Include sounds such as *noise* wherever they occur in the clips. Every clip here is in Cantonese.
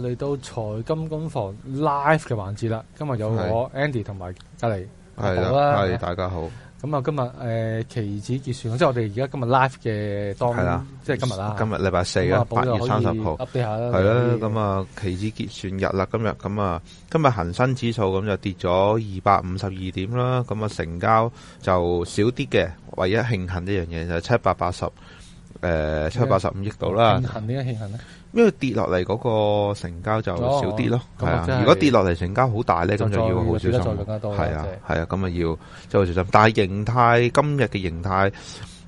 嚟到財金工房 live 嘅環節啦，今日有我 Andy 同埋嘉莉阿寶啦，係的了大家好。咁啊，今日誒期指結算，即係我哋而家今日 live 嘅當天期日，即係今日啦。今日禮拜四啊，八月三十號。噉啊，期指結算日啦，今日咁啊，今日恒生指數咁就跌咗二百五十二點啦，咁啊成交就少啲嘅，唯一慶幸一樣嘢就係七百八,八十。誒、呃，七百八十五億度啦。慶幸點解慶幸咧？因為跌落嚟嗰個成交就少啲咯，係啊。如果跌落嚟成交好大咧，咁就，再就要好小心。係啊，係啊的，咁啊、就是、要就好小心。嗯、但係形態，今日嘅形態，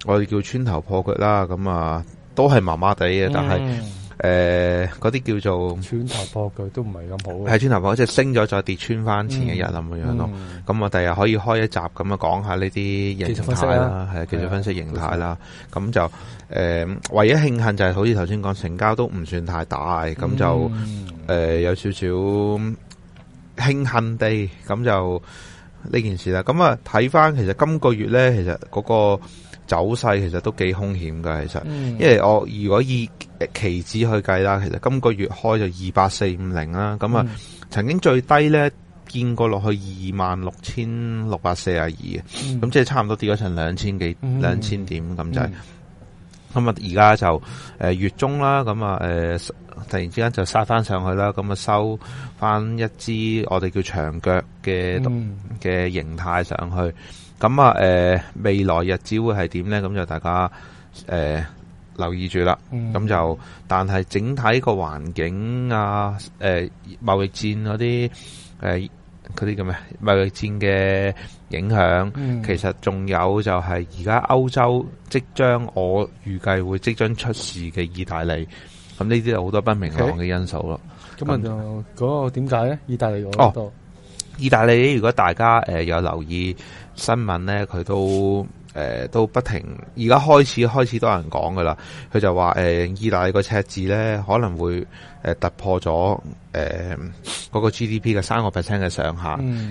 我哋叫穿頭破腳啦，咁啊都係麻麻地嘅，但係。嗯誒，嗰啲、呃、叫做穿頭破佢都唔係咁好的，係穿頭破即係升咗再跌穿翻前一日咁嘅樣咯。咁我第日可以開一集咁啊，講下呢啲形態啦，係技術分析形態啦。咁、啊、就誒、呃，唯一慶幸就係、是、好似頭先講，成交都唔算太大，咁、嗯、就誒、呃、有少少慶幸地咁就呢件事啦。咁啊，睇翻其實今個月咧，其實嗰個，個走勢其實都幾凶險噶。其實，嗯、因為我如果以期指去計啦，其實今個月開就二百四五零啦，咁啊曾經最低咧見過落去二萬六千六百四十二，咁即係差唔多跌咗成兩千幾兩、嗯、千點咁、嗯嗯、就滯，咁啊而家就誒月中啦，咁啊誒突然之間就殺翻上去啦，咁啊收翻一支我哋叫長腳嘅嘅形態上去，咁啊誒未來日子會係點咧？咁就大家誒。呃留意住啦，咁就，但係整體個環境啊，誒、呃，貿易戰嗰啲，誒、呃，嗰啲叫咩？貿易戰嘅影響，嗯、其實仲有就係而家歐洲即將，我預計會即將出事嘅意大利，咁呢啲好多不明朗嘅因素咯。咁就嗰個點解咧？意大利好多、哦？意大利如果大家誒、呃、有留意新聞咧，佢都。誒、呃，都不停，而家開始開始多人講噶啦，佢就話誒、呃，意大利個赤字咧可能會誒、呃、突破咗誒嗰個 GDP 嘅三個 percent 嘅上限。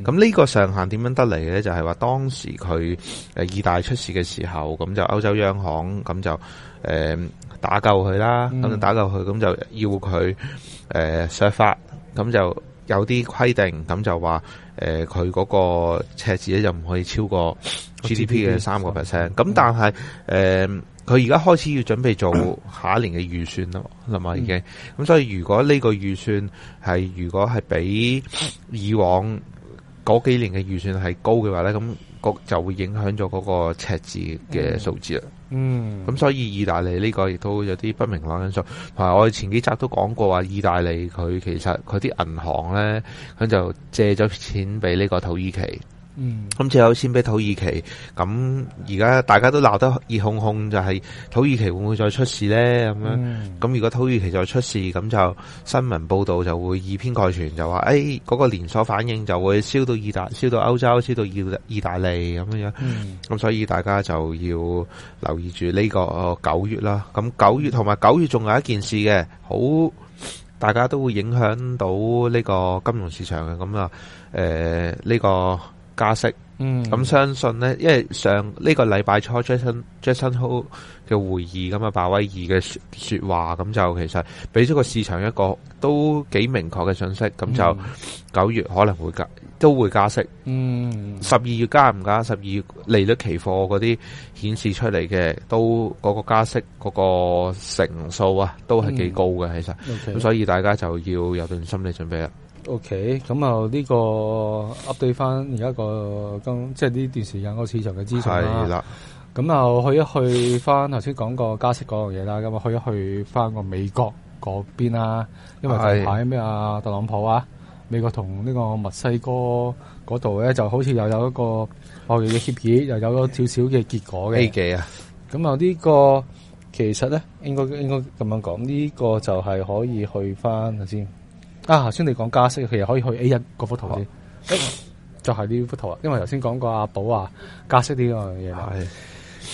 咁呢、嗯、個上限點樣得嚟咧？就係、是、話當時佢誒、呃、意大利出事嘅時候，咁就歐洲央行咁就誒、呃、打救佢啦，咁、嗯、打救佢，咁就要佢誒說法，咁就有啲規定，咁就話。誒佢嗰個赤字咧就唔可以超過 GDP 嘅三個 percent，咁但係誒佢而家開始要準備做下一年嘅預算啦嘛，係嘛、嗯、已經，咁所以如果呢個預算係如果係比以往嗰幾年嘅預算係高嘅話咧，咁就就會影響咗嗰個赤字嘅數字啦。嗯，咁所以意大利呢個亦都有啲不明朗因素，同埋我哋前幾集都講過話，意大利佢其實佢啲銀行咧，佢就借咗錢俾呢個土耳其。嗯，咁借有先俾土耳其，咁而家大家都鬧得熱烘烘，就係土耳其會唔會再出事呢？咁樣，咁、嗯、如果土耳其再出事，咁就新聞報道就會以偏概全就，就話誒嗰個連鎖反應就會燒到意大，燒到歐洲，燒到意意大利咁樣。咁、嗯、所以大家就要留意住呢個九月啦。咁九月同埋九月仲有一件事嘅，好，大家都會影響到呢個金融市場嘅。咁啊，誒、呃、呢、這個。加息，咁、嗯、相信咧，因為上呢個禮拜初 Jackson Jackson Hole 嘅會議咁啊，鮑威爾嘅說，說話，咁就其實俾咗個市場一個都幾明確嘅信息，咁就九月可能會加，都會加息。嗯，十二月加唔加？十二月利率期貨嗰啲顯示出嚟嘅，都嗰、那個加息嗰、那個成數啊，都係幾高嘅，嗯、其實。咁 Okay. 所以大家就要有段心理準備啦。O.K. 咁啊，呢個 update 翻而家個即係呢段時間個市場嘅資訊啦。係啦的，咁啊去一去翻頭先講過加息嗰樣嘢啦。咁啊去一去翻個美國嗰邊啦，因為近排咩啊特朗普啊，的美國同呢個墨西哥嗰度咧就好似又有一個貿易嘅協議，又有咗少少嘅結果嘅。A 啊，咁啊呢個其實咧應該應該咁樣講，呢、這個就係可以去翻頭先。啊！頭先你講加息，其實可以去 A 一嗰幅圖先，就係、是哎、呢幅圖啊。因為頭先講過阿寶啊，加息呢個樣嘢。係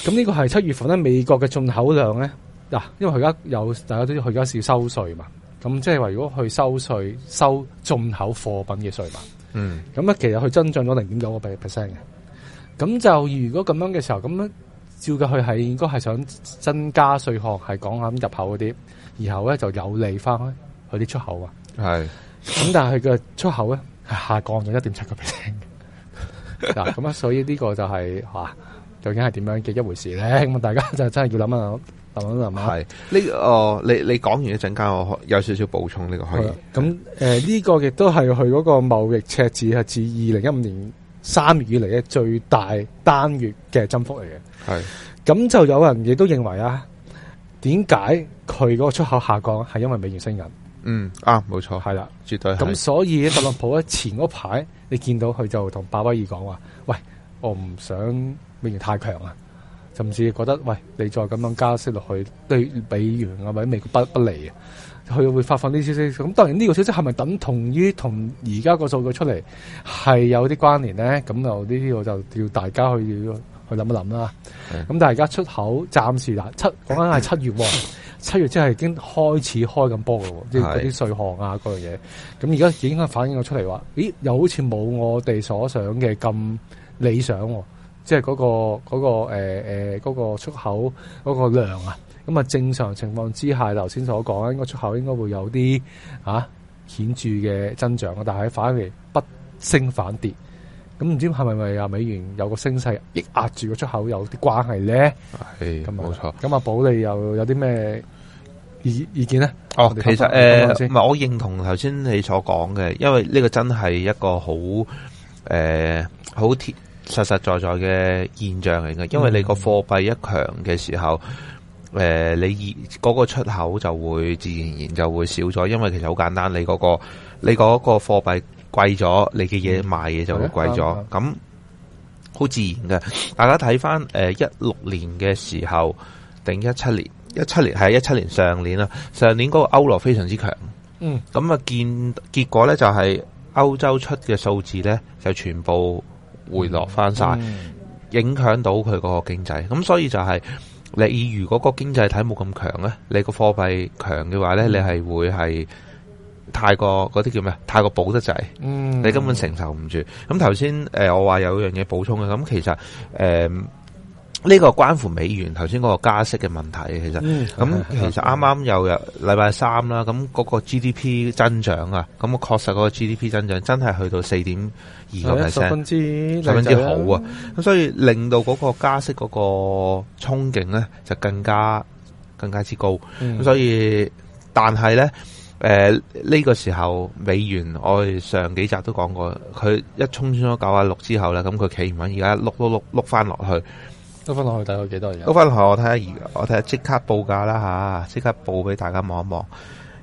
咁呢個係七月份咧，美國嘅進口量咧，嗱，因為佢而家有，大家都知道佢而家是要收稅嘛。咁即係話如果佢收稅收進口貨品嘅稅嘛，嗯，咁咧其實佢增長咗零點九個 percent 嘅。咁就如果咁樣嘅時候，咁咧照佢係應該係想增加稅項，係講下入口嗰啲，然後咧就有利翻佢啲出口啊。係，咁是但係佢嘅出口咧，係下降咗一點七個 percent 嗱，咁啊，所以呢個就係吓究竟係點樣嘅一回事咧？咁啊，大家就真係要諗一諗，諗一諗係。呢個你、呃、你講完一陣間，我有少少補充呢、呢個可以。咁誒的，呢個亦都係佢嗰個貿易赤字係自二零一五年三月以嚟嘅，最大單月嘅增幅嚟嘅。係的，咁就有人亦都認為啊，點解佢嗰個出口下降係因為美元升緊？嗯，啊，冇錯，係啦的，絕對係。咁所以特朗普喺前嗰排，你見到佢就同鮑威爾講話：，喂，我唔想美元太強啊，甚至覺得喂，你再咁樣加息落去，對美元啊，或者美國不不利啊，佢會發放呢啲消息。咁當然呢個消息係咪等同於同而家個數據出嚟係有啲關聯咧？咁就呢啲我就要大家去諗去諗一諗啦。咁但係而家出口暫時啦，七講緊係七月。嗯 *laughs* 七月即係已經開始開緊波嘅喎，即係啲稅項啊，嗰樣嘢。咁而家已經反映咗出嚟話，咦，又好似冇我哋所想嘅咁理想，哦，即係嗰個嗰個誒誒嗰個出口嗰個量啊。咁啊，正常情況之下，頭先所講，應該出口應該會有啲啊顯著嘅增長啊。但係反而不升反跌，咁唔知係咪咪由美元有個升勢抑壓住個出口有啲關係咧？係的，咁冇錯。咁啊錯，保利又有啲咩？意見咧？哦，其實誒，唔、呃、係，我認同頭先你所講嘅，因為呢個真係一個好誒好貼實實在在嘅現象嚟嘅。因為你個貨幣一強嘅時候，誒、呃、你二嗰個出口就會自然然就會少咗，因為其實好簡單，你嗰、那個你嗰個貨幣貴咗，你嘅嘢賣嘢就會貴咗，咁好自然嘅。大家睇翻，誒一六年嘅時候，定一七年。一七年係一七年上年啦，上年嗰個歐羅非常之強，嗯，咁啊見結果咧就係歐洲出嘅數字咧就全部回落翻晒，嗯嗯、影響到佢嗰個經濟，咁所以就係、是、你如，如果個經濟體冇咁強咧，你個貨幣強嘅話咧，嗯、你係會係太過嗰啲叫咩太過保得滯，嗯，你根本承受唔住。咁頭先誒我話有樣嘢補充嘅，咁其實誒。呃呢個關乎美元頭先嗰個加息嘅問題，其實咁其實啱啱又又禮拜三啦，咁嗰個 G D P 增長啊，咁我確實嗰個 G D P 增長真係去到四點二咁 p 十分之十分之好啊，咁所以令到嗰個加息嗰個衝勁咧就更加更加之高，咁所以但係咧誒呢個時候美元我哋上幾集都講過，佢一衝穿咗九啊六之後咧，咁佢企唔穩，而家碌碌碌碌翻落去。都翻落去大概幾多人？都翻落去，我睇下而我睇下即刻報價啦吓，即刻報俾大家望一望。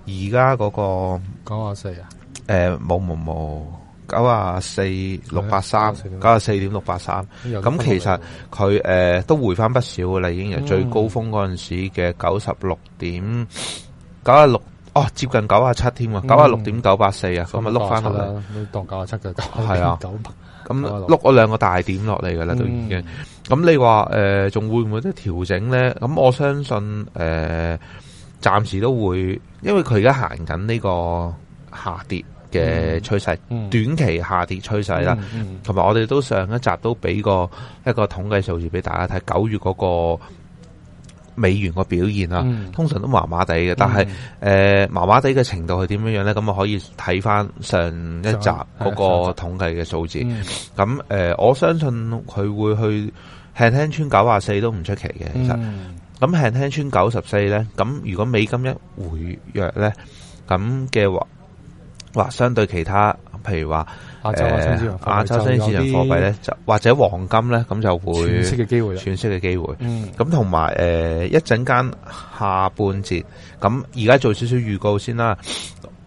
而家嗰個九啊四啊？誒，冇冇冇，九啊四六八三，九啊四點六八三。咁其實佢誒都回翻不少嘅啦，已經由最高峰嗰陣時嘅九十六點九啊六哦，接近九啊七添啊，九啊六點九八四啊，咁咪碌翻落啦，當九啊七嘅係啊，九咁碌咗兩個大點落嚟嘅啦，都已經。咁你話誒仲會唔會得調整咧？咁我相信誒暫時都會，因為佢而家行緊呢個下跌嘅趨勢，嗯嗯、短期下跌趨勢啦。同埋、嗯嗯、我哋都上一集都俾個一個統計數字俾大家睇，九月嗰個。美元個表現啊，嗯、通常都麻麻地嘅，但係誒麻麻地嘅程度係點樣呢樣咧？咁啊可以睇翻上一集嗰個統計嘅數字。咁誒、嗯嗯呃，我相信佢會去輕輕穿九啊四都唔出奇嘅，其實。咁輕輕穿九十四咧，咁如果美金一回弱咧，咁嘅話，話相對其他，譬如話。亞洲新市場貨幣咧、呃，幣呢就或者黃金咧，咁就會喘息嘅機會。喘息嘅機會。咁同埋一陣間下半節，咁而家做少少預告先啦。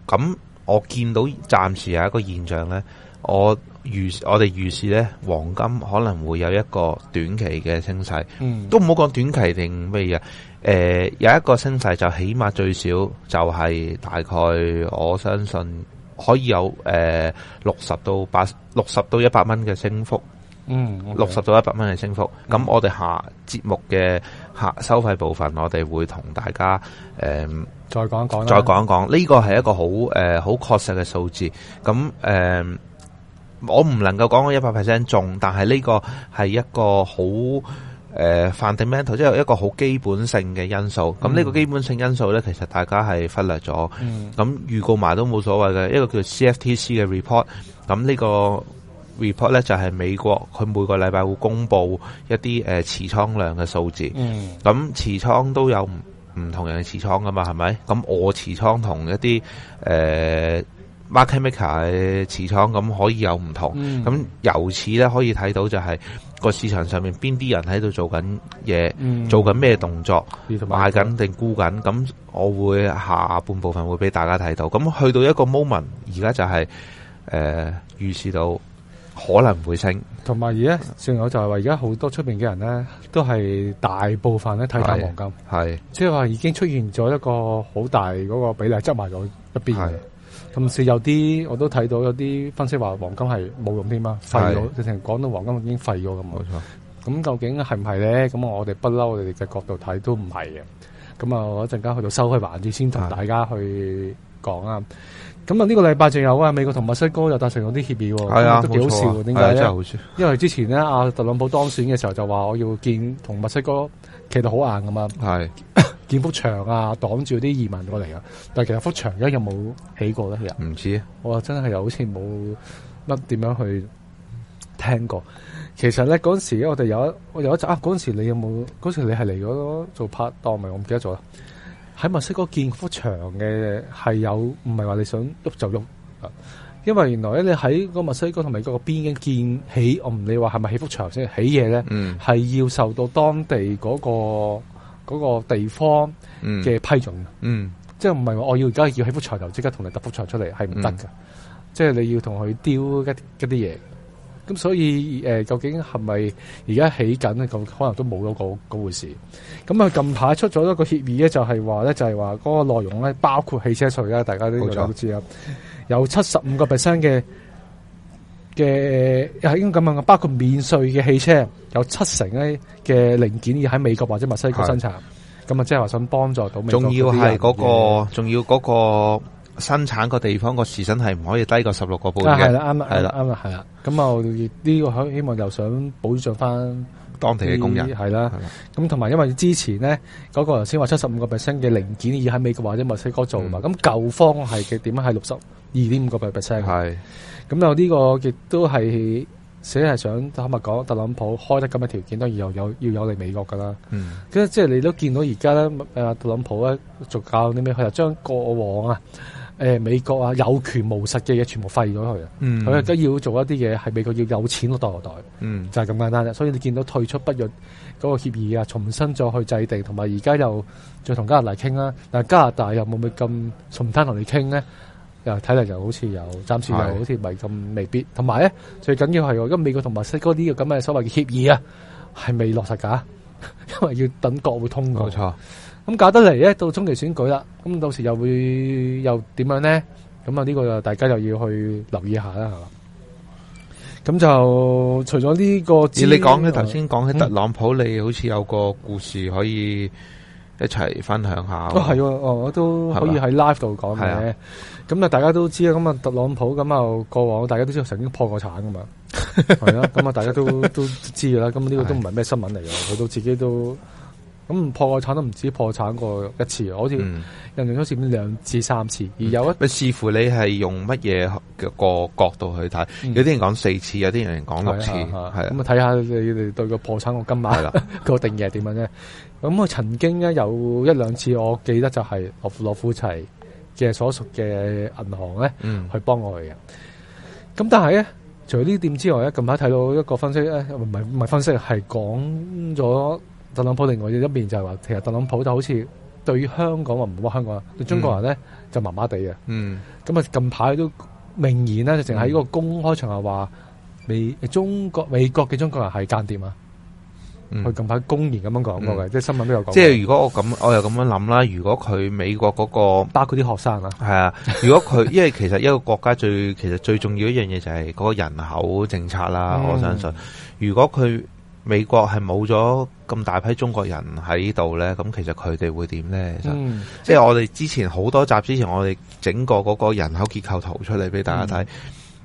咁我見到暫時有一個現象咧，我預我哋預示咧，黃金可能會有一個短期嘅升勢。嗯、都唔好講短期定乜嘢。有一個升勢就起碼最少就係大概我相信。可以有誒六十到八六十到一百蚊嘅升幅，嗯，六、okay、十到一百蚊嘅升幅。咁、嗯、我哋下節目嘅下收費部分，我哋會同大家誒、呃、再講一講，再講一講。呢個係一個好誒好確實嘅數字。咁誒、呃，我唔能夠講我一百 percent 中，但係呢個係一個好，誒、uh, fundamental 即係一個好基本性嘅因素，咁呢、嗯、個基本性因素咧，其實大家係忽略咗。咁預、嗯、告埋都冇所謂嘅，一個叫做 CFTC 嘅 report，咁呢個 report 咧就係美國佢每個禮拜會公布一啲誒持倉量嘅數字。咁持倉都有唔唔同人嘅持倉㗎嘛，係咪？咁我持倉同一啲誒。呃 market maker 嘅持倉，咁可以有唔同，咁由此咧可以睇到就係個市場上面邊啲人喺度做緊嘢，做緊咩動作，賣緊定估緊，咁我會下半部分會俾大家睇到。咁去到一個 moment，而家就係、是、誒、呃、預示到可能會升。同埋而家仲有算我就係話，而家好多出面嘅人咧，都係大部分咧睇緊黃金，係即係話已經出現咗一個好大嗰個比例，執埋咗一邊。同時有啲我都睇到有啲分析話黃金係冇用添嘛？廢咗是的 直情講到黃金已經廢咗咁。冇錯。咁究竟係唔係咧？咁我哋不嬲，我哋嘅角度睇都唔係嘅。咁啊，我一陣間去到收開環節先同大家去講的啊。咁啊，呢個禮拜仲有啊，美國同墨西哥又達成咗啲協議喎，都幾好笑。點解咧？真係好笑。因為之前咧，阿特朗普當選嘅時候就話我要見同墨西哥企到好硬噶嘛。係。是的 *laughs* 建幅牆啊，擋住啲移民過嚟啊！但係其實幅牆而家有冇起過咧？其實唔知，我真係又好似冇乜點樣去聽過。其實咧，嗰陣時咧，我哋有我有一集啊，嗰陣時你有冇？嗰時你係嚟咗做拍檔咪？我唔記得咗啦。喺墨西哥建幅牆嘅係有，唔係話你想喐就喐啊！因為原來咧，你喺個墨西哥同美國個邊境建起，我唔理話係咪起幅牆先？起嘢咧，係、嗯、要受到當地嗰、嗰個。嗰個地方嘅批准、嗯，嗯，即係唔係話我要而家要起幅牆就即刻同你揼幅牆出嚟，係唔得㗎。即係你要同佢丟一一啲嘢，咁所以、呃、究竟係咪而家起緊咧？咁可能都冇咗個嗰回事。咁啊，近排出咗一個協議咧，就係話咧，就係話嗰個內容咧，包括汽車稅啦，大家都都知啦，有七十五個 percent 嘅。嘅係應該咁樣嘅，包括免稅嘅汽車有七成咧嘅零件要喺美國或者墨西哥生產，咁啊的即係話想幫助到美國仲要係嗰、那個，仲員要嗰個生產個地方個時薪係唔可以低過十六個半嘅。係啦，啱啦，係啦，啱啦，係啦。咁啊，呢個可希望又想保障翻當地嘅工人，係啦。咁同埋因為之前咧嗰、那個頭先話七十五個 percent 嘅零件要喺美國或者墨西哥做嘛，咁、嗯、舊方係嘅點樣？係六十二點五個 percent。係。咁有呢個亦都係，寫係想坦白講，特朗普開得咁嘅條件，當然又有要有嚟美國噶啦。嗯，即係你都見到而家咧，特朗普咧，做搞啲咩？佢就將過往啊、呃，美國啊有權無實嘅嘢，全部廢咗佢啊。嗯，佢而家要做一啲嘢，係美國要有錢落袋落袋。嗯，就係咁簡單啦。所以你見到退出不約嗰個協議啊，重新再去制定，同埋而家又再同加拿大傾啦。但加拿大又冇咪咁順攤同你傾咧？睇嚟就好似有，暫時又好似唔係咁未必。同埋咧，最緊要係因美國同墨西哥啲咁嘅所謂嘅協議啊，係未落實㗎，因為要等國會通過。冇錯。咁搞得嚟咧，到中期選舉啦，咁到時又會又點樣咧？咁啊，呢個大家又要去留意下啦，係嘛？咁就除咗呢個，而你講起頭先講起特朗普，嗯、你好似有個故事可以一齊分享下。都係喎，我都可以喺 live 度講嘅。咁啊，大家都知啦。咁啊，特朗普咁啊，過往大家都知曾經破過產噶嘛，係啊。咁啊，大家都都知噶啦。咁呢個都唔係咩新聞嚟嘅，佢到是的 自己都咁破過產，都唔止破產過一次，好似印象中似兩至三次。而有一，咪視乎你係用乜嘢個角度去睇，嗯、有啲人講四次，有啲人講六次，係咁啊，睇下的的你哋對個破產個金額個定義係點樣啫。咁啊，曾經咧有一兩次，我記得就係夫洛夫齊。嘅所屬嘅銀行咧，嗯、去幫我哋嘅。咁但係咧，除呢點之外咧，近排睇到一個分析咧，唔係唔係分析，係講咗特朗普另外一邊就係話，其實特朗普就好似對於香港話唔好香港，對中國人咧就麻麻地嘅。嗯，咁啊、嗯、近排都明顯咧，就淨喺呢個公開場合話、嗯，美中國美國嘅中國人係間諜啊！佢、嗯、近排公然咁樣講過嘅，嗯、即係新聞都有講。即係如果我咁，我又咁樣諗啦。如果佢美國嗰個，包括啲學生啊，係啊。如果佢， *laughs* 因為其實一個國家最其實最重要一樣嘢就係嗰個人口政策啦。嗯、我相信，如果佢美國係冇咗咁大批中國人喺度咧，咁其實佢哋會點咧？嗯、以即係我哋之前好多集之前，我哋整過嗰個人口結構圖出嚟俾大家睇。嗯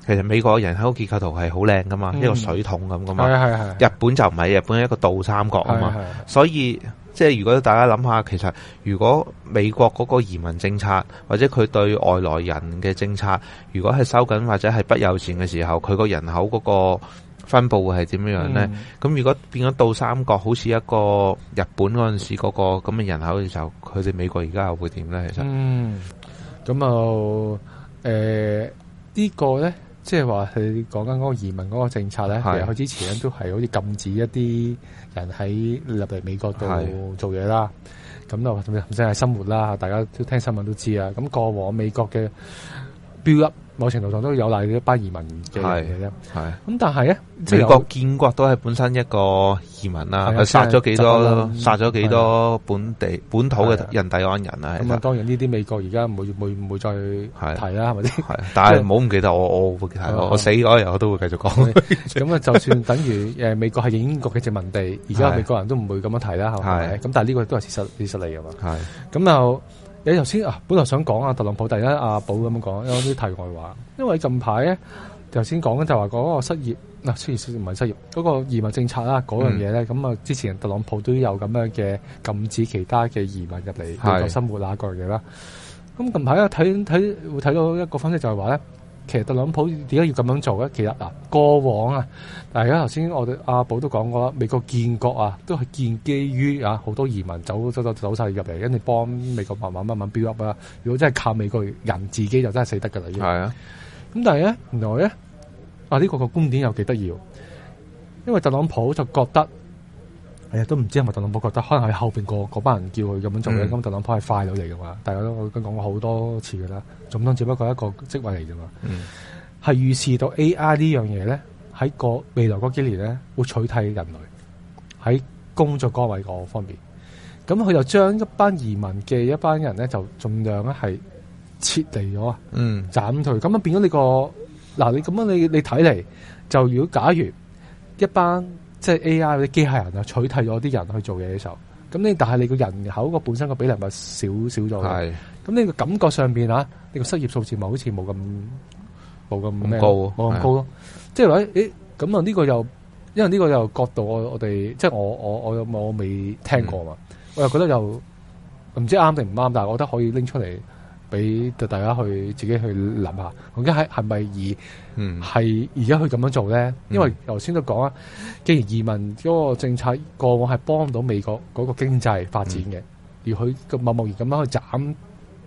其實美國人口結構圖係好靚噶嘛，嗯、一個水桶咁噶嘛。係係係。是日本就唔係，日本一個倒三角啊嘛。的的所以即係如果大家諗下，其實如果美國嗰個移民政策或者佢對外來人嘅政策，如果係收緊或者係不友善嘅時候，佢個人口嗰個分布會係點樣樣咧？咁、嗯、如果變咗倒三角，好似一個日本嗰陣時嗰個咁嘅人口嘅時候，佢哋美國而家又會點咧？其實，嗯，咁啊，誒、呃，這個、呢個咧。即係話佢講緊嗰個移民嗰個政策咧，入佢之前咧都係好似禁止一啲人喺入嚟美國度做嘢啦，咁又唔使係生活啦，大家都聽新聞都知啊，咁過往美國嘅 build up。某程度上都有賴呢一班移民嘅嘢啫。係咁，但係咧，美國建國都係本身一個移民啦，殺咗幾多，殺咗幾多本地本土嘅印第安人啊。咁啊，當然呢啲美國而家唔會、唔會、唔會再提啦，係咪先？但係唔好唔記得我，我會提我，我死嗰日我都會繼續講。咁啊，就算等於誒，美國係英國嘅殖民地，而家美國人都唔會咁樣提啦，係咪？咁但係呢個都係事實，事實嚟噶嘛。係咁又。你頭先啊，本來想講啊，特朗普，第一阿寶咁樣講有啲題外話，因為近排咧頭先講緊就話講個失業，嗱雖然唔係失業，嗰、那個移民政策啦嗰樣嘢咧，咁啊、嗯、之前特朗普都有咁樣嘅禁止其他嘅移民入嚟美國生活啊嗰樣嘢啦。咁是的 近排呢，睇睇會睇到一個分析就係話咧。其實特朗普點解要咁樣做咧？其實嗱，過往啊，大家頭先我哋阿寶都講過啦，美國建國啊，都係建基於啊好多移民走走走走曬入嚟，跟住幫美國慢慢慢慢 build up 啦。如果真係靠美國人自己，就真係死得㗎啦。已經，係啊，咁但係咧，原來咧啊呢個個觀點又幾得意，因為特朗普就覺得。誒，都唔知係咪特朗普覺得，可能係後邊個嗰班人叫佢，咁樣做嘅。咁特朗普係傀儡嚟噶嘛？大家都跟講過好多次噶啦，總統只不過一個職位嚟啫嘛。係、嗯、預示到 AI 呢樣嘢咧，喺個未來嗰幾年咧，會取替人類喺工作崗位個方面。咁佢就將一班移民嘅一班人咧，就儘量咧係撤離咗啊，嗯、斬退。咁啊變咗你、這個嗱，你咁樣你你睇嚟，就如果假如一班。即係 A. I. 嗰啲機械人啊，取替咗啲人去做嘢嘅時候，咁你但係你個人口個本身個比例咪少少咗咁是的 你個感覺上面啊，你個失業數字咪好似冇咁冇咁咩咯，冇咁高咯，即係話誒咁啊？呢個又因為呢個又角度我我，我哋即係我我我有冇未聽過嘛，嗯、我又覺得又唔知啱定唔啱，但係我覺得可以拎出嚟。俾大家去自己去諗下，咁家係係咪而係而家去咁樣做咧？因為頭先都講啦，既然移民嗰個政策過往係幫唔到美國嗰個經濟發展嘅，嗯、而佢咁默默然咁樣去斬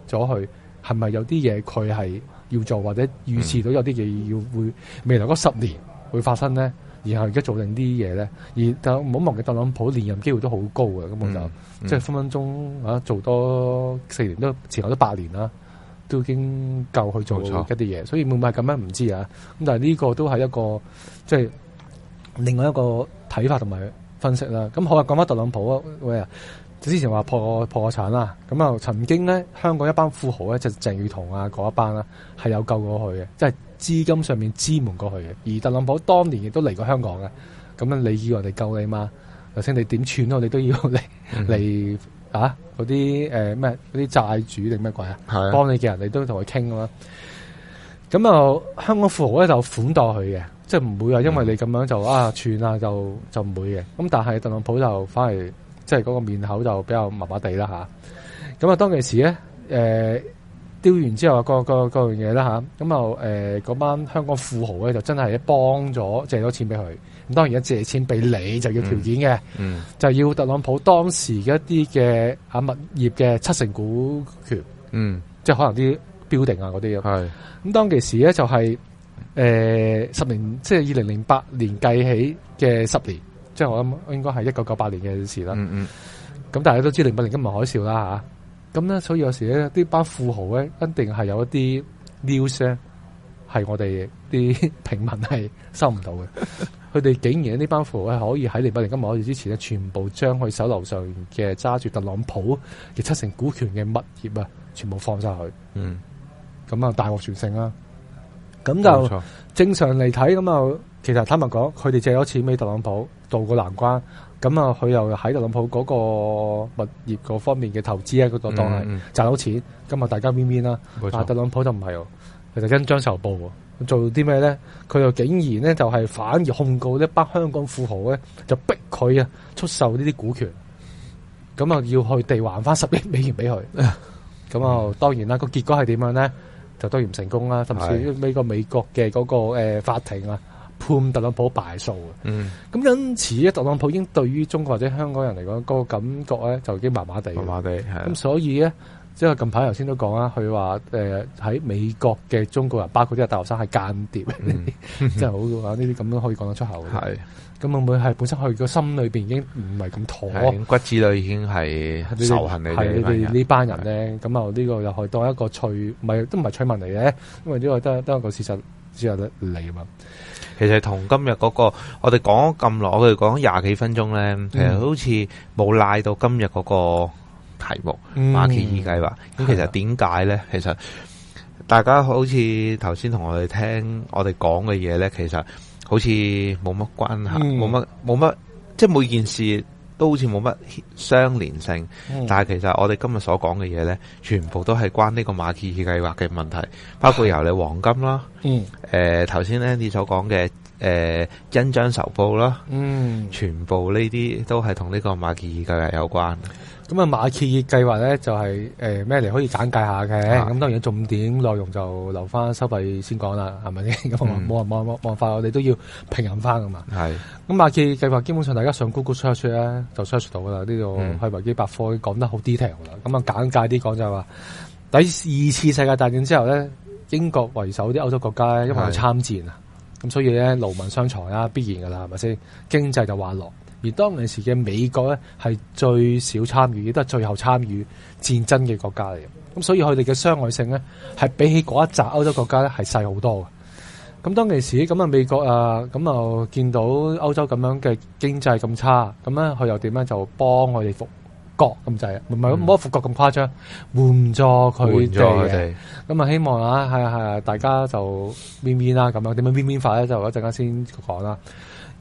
咗佢，係咪有啲嘢佢係要做，或者預示到有啲嘢要會未來嗰十年會發生咧？然後而家做定啲嘢咧，而就唔好忘記特朗普連任機會都好高嘅，咁我就、嗯嗯、即係分分鐘嚇、啊、做多四年都，前後都八年啦，都已經夠去做錯一啲嘢。沒錯所以會唔會係咁樣唔知啊？咁但係呢個都係一個即係另外一個睇法同埋分析啦。咁好啦，講翻特朗普啊喂啊，之前話破破產啦，咁啊曾經咧香港一班富豪咧，就是、鄭裕彤啊嗰一班啦，係有救過佢嘅，即係。資金上面支援過去嘅，而特朗普當年亦都嚟過香港嘅，咁樣你以為我哋救你嘛？頭先你點串我，你都要嚟嚟、嗯、哼啊嗰啲誒咩啲債主定乜鬼啊？幫你嘅人，你都同佢傾咁啦。咁啊，香港富豪咧就款待佢嘅，即係唔會啊，嗯、因為你咁樣就啊串啊，就就唔會嘅。咁但係特朗普就反而即係嗰個面口就比較麻麻地啦嚇。咁啊，那當其時咧誒。呃丟完之後個個樣嘢啦吓，咁就誒嗰班香港富豪咧就真係幫咗借咗錢俾佢。咁當然，借錢俾你就要條件嘅，嗯嗯、就要特朗普當時嘅一啲嘅啊物業嘅七成股權，嗯，即係可能啲標定啊嗰啲。係咁當其時咧就係誒十年，即係二零零八年計起嘅十年，即係我諗應該係一九九八年嘅事啦。嗯嗯。咁但大家都知零八年金融海嘯啦吓。林咁咧，所以有時咧，呢班富豪咧，一定係有一啲 news 咧，係我哋啲平民係收唔到嘅。佢哋竟然呢班富豪咧，可以喺零八年金融危機之前咧，全部將佢手樓上嘅揸住特朗普嘅七成股權嘅物業啊，全部放晒去。嗯，咁啊大獲全勝啦。咁就正常嚟睇，咁啊，其實坦白講，佢哋借咗錢俾特朗普渡過難關。咁啊，佢又喺特朗普嗰個物業嗰方面嘅投資啊，嗰、那個當係賺、嗯嗯、到錢，咁啊，大家面面啦。錯特朗普就唔係，佢就恩將仇報。做啲咩咧？佢又竟然咧，就係反而控告一班香港富豪咧，就逼佢啊出售呢啲股權。咁啊，要去地還翻十億美元俾佢。咁啊，當然啦，嗯、個結果係點樣咧？就當然唔成功啦，甚至美國是美國嘅嗰、那個誒、呃、法庭啊。判特朗普敗訴嘅，咁、嗯、因此咧，特朗普已經對於中國或者香港人嚟講，個感覺咧就已經麻麻地，麻麻地，咁所以咧，即係近排頭先都講啦，佢話誒喺美國嘅中國人，包括啲大學生係間諜，嗯、真係好話呢啲咁都可以講得出口嘅。係的，咁會唔會係本身佢個心裏邊已經唔係咁妥？骨子裏已經係仇恨你哋呢班人咧。咁啊的，呢個又係當一個趣，唔係都唔係趣聞嚟嘅，因為呢個都係一個事實。之後咧嚟嘛，其實同今日嗰個我哋講咗咁耐，我哋講廿幾分鐘咧，其實好似冇賴到今日嗰個題目馬歇爾計劃。咁、嗯、其實點解咧？是的 其實大家好似頭先同我哋聽我哋講嘅嘢咧，其實好似冇乜關係，冇乜冇乜，即係每件事。都好似冇乜相連性，嗯、但係其實我哋今日所講嘅嘢呢，全部都係關呢個馬歇爾計劃嘅問題，包括由你黃金啦，誒頭先 Andy 所講嘅誒恩將仇報啦，嗯、全部呢啲都係同呢個馬歇爾計劃有關。咁啊，馬歇爾計劃咧，就係誒咩嚟？呃、可以簡介下嘅。咁是的 當然重點內容就留翻收費先講啦，係咪先？咁我冇冇冇冇辦法，我哋都要平衡翻噶嘛。係。咁馬歇爾計劃基本上大家上 Google search 咧，就 search 到噶啦，呢度係維基百科講得好 detail 啦。咁啊簡介啲講就係話，第二次世界大戰之後咧，英國為首啲歐洲國家咧，因為要參戰啊，咁是的 所以咧勞民傷財呀，必然噶啦，係咪先？經濟就滑落。而當其時嘅美國咧，係最少參與，亦都係最後參與戰爭嘅國家嚟嘅。咁所以佢哋嘅傷害性咧，係比起嗰一紮歐洲國家咧係細好多嘅。咁當其時咁啊，美國啊，咁啊見到歐洲咁樣嘅經濟咁差，咁咧佢又點樣就幫佢哋復國咁滯？唔係，唔好話復國咁誇張，援助佢哋。援助佢哋。咁啊，希望啊，係啊係啊，大家就邊邊啦咁樣，點樣邊邊法咧？就一陣間先講啦。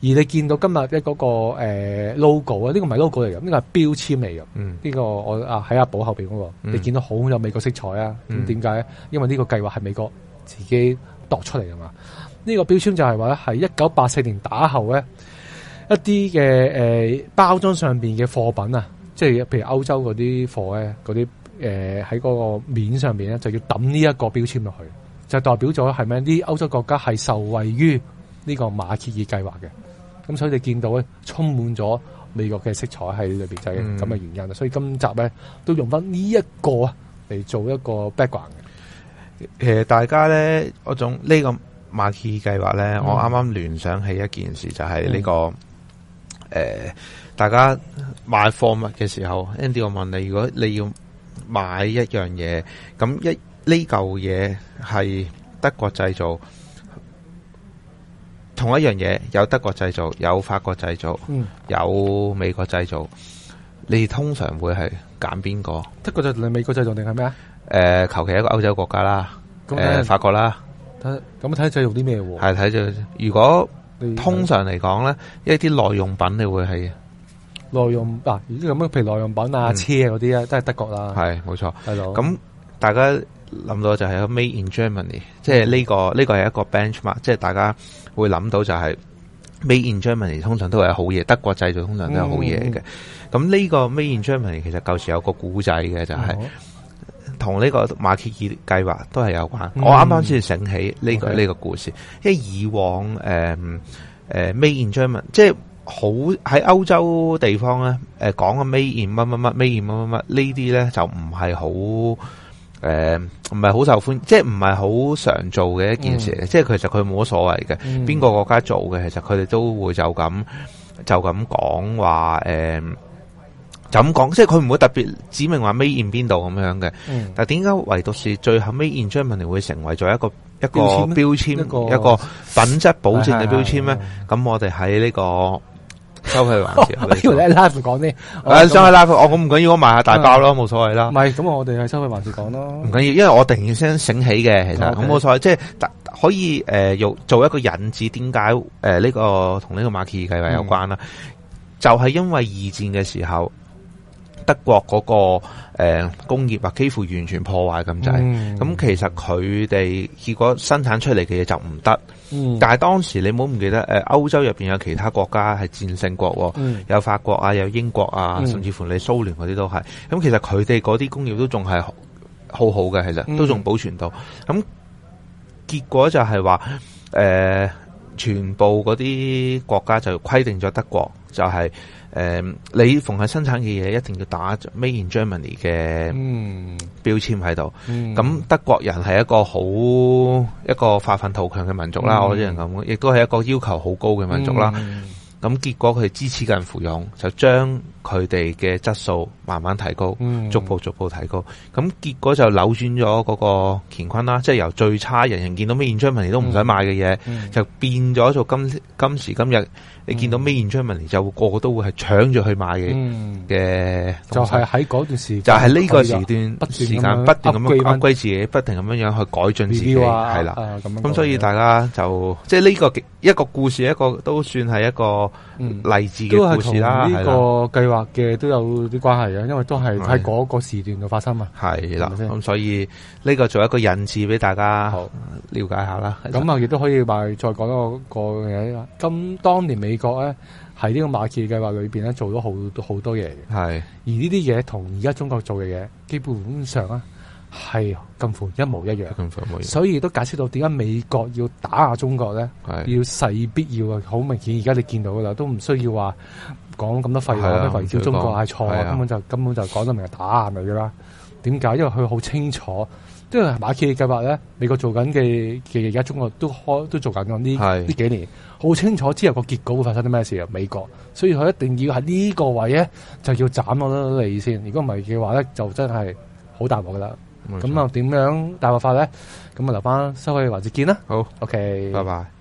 而你見到今日嘅嗰個 logo 啊，呢個唔係 logo 嚟嘅，呢個係標籤嚟嘅。呢個我啊喺阿寶後面嗰個，你見到好有美國色彩啊！咁點解咧？因為呢個計劃係美國自己度出嚟㗎嘛。呢個標籤就係話咧，係一九八四年打後咧，一啲嘅、呃、包裝上面嘅貨品啊，即係譬如歐洲嗰啲貨咧，嗰啲喺嗰個面上面咧，就要揼呢一個標籤落去，就代表咗係咩？呢啲歐洲國家係受惠於呢個馬歇爾計劃嘅。咁所以你見到咧，充滿咗美國嘅色彩喺裏面，就係咁嘅原因，嗯、所以今集咧都用翻呢一個嚟做一個 background。其實大家咧，我仲呢、呢個馬歇爾計劃咧，嗯、我啱啱聯想起一件事，就係、是、呢、這個、嗯呃、大家買貨物嘅時候，Andy，我問你，如果你要買一樣嘢，咁一呢嚿嘢係德國製造。同一樣嘢有德國製造、有法國製造、有美國製造，你通常會係揀邊個？德國製定美國製造定係咩啊？誒，求其一個歐洲國家啦，誒法國啦。睇咁睇耐用啲咩喎？係睇住。如果通常嚟講咧，一啲耐用品你會係耐用嗱，依啲咁嘅譬如耐用品啊、車嗰啲啊，都係德國啦。係冇錯。係咯。咁大家，諗到就係 made in Germany，即係呢、呢個呢、呢個係一個 benchmark，即係大家會諗到就係 made in Germany 通常都係好嘢，德國製造通常都係好嘢嘅。咁呢、嗯、個 made in Germany 其實舊時有個古仔嘅，就係同呢個馬歇爾計劃都係有關。嗯、我啱啱先醒起呢個呢個故事，嗯、因為以往誒誒、呃呃、made in Germany 即係好喺歐洲地方咧，誒講個 made in 乜乜乜 made in 乜乜乜呢啲咧就唔係好。誒，唔係好受歡迎，即係唔係好常做嘅一件事。嗯、即係其實佢冇乜所謂嘅，邊個、嗯、國家做嘅，其實佢哋都會就咁就咁講話。誒，就咁講、呃，即係佢唔會特別指明話 made in 邊度咁樣嘅。嗯、但係點解唯獨是最後 made in Germany，會成為咗一個一個標籤，一個品質保證嘅標籤咧？咁我哋喺呢個。收費環節、哦、我哋講咧，我想喺 live 我咁唔緊要，我賣下大包咯，冇、嗯、所謂啦。唔係，咁我哋喺收費環節講咯。唔緊要，因為我突然先醒起嘅，其實咁冇 Okay. 所謂，即係可以誒、呃、做一個引子，點解誒呢個同呢個馬歇爾計劃有關啦？嗯、就係因為二戰嘅時候，德國嗰、那個誒、呃、工業啊幾乎完全破壞咁滯，咁、嗯、其實佢哋結果生產出嚟嘅嘢就唔得。但係當時你唔好唔記得，誒、呃，歐洲入邊有其他國家係戰勝國、哦，嗯、有法國啊，有英國啊，甚至乎你蘇聯嗰啲都係。咁、嗯嗯、其實佢哋嗰啲工業都仲係好好嘅，其實都仲保存到。咁、嗯嗯、結果就係話，誒、呃，全部嗰啲國家就規定咗德國，就係、是。誒、嗯，你逢係生產嘅嘢，一定要打 Made in Germany 嘅標籤喺度。咁、嗯嗯、德國人係一個好一個發奮圖強嘅民族啦，嗯、我哋啲人咁，亦都係一個要求好高嘅民族啦。咁、嗯嗯嗯、結果佢支持緊服用就將佢哋嘅質素慢慢提高，嗯、逐步逐步提高。咁結果就扭轉咗嗰個乾坤啦，即係由最差人人見到 Made in Germany 都唔想買嘅嘢，嗯、就變咗做今今時今日。你見到咩現出問題，就個個都會係搶住去買嘅嘅。就係喺嗰段時，就係呢個時段時間不斷咁樣歸自己，不停咁樣樣去改進自己，係啦。咁所以大家就即係呢個一個故事，一個都算係一個勵志嘅故事啦。呢個計劃嘅都有啲關係啊，因為都係喺嗰個時段嘅發生啊。係啦，咁所以呢個做一個引子俾大家了解下啦。咁啊，亦都可以話再講一個嘢啦。咁當年美。美國咧喺呢這個馬歇計劃裏邊咧做咗好多好多嘢嘅，是的 而呢啲嘢同而家中國做嘅嘢基本上咧係近乎一模一樣，一一樣，所以也都解釋到點解美國要打壓中國咧，是的 要勢必要啊，好明顯而家你見到噶啦，都唔需要話講咁多廢話，都圍繞中國係錯，是的根本就的根本就講得明係打壓嚟噶啦。點解？因為佢好清楚。即係馬歇爾計劃咧，美國做緊嘅，其實而家中國都開都做緊咁呢呢幾年，好清楚之後個結果會發生啲咩事啊！美國，所以佢一定要喺呢個位咧，就要斬斬咗你先。如果唔係嘅話咧，就真係好大鑊噶啦。咁啊，點樣大鑊法咧？咁啊，留翻收尾環節見啦。好，OK，拜拜。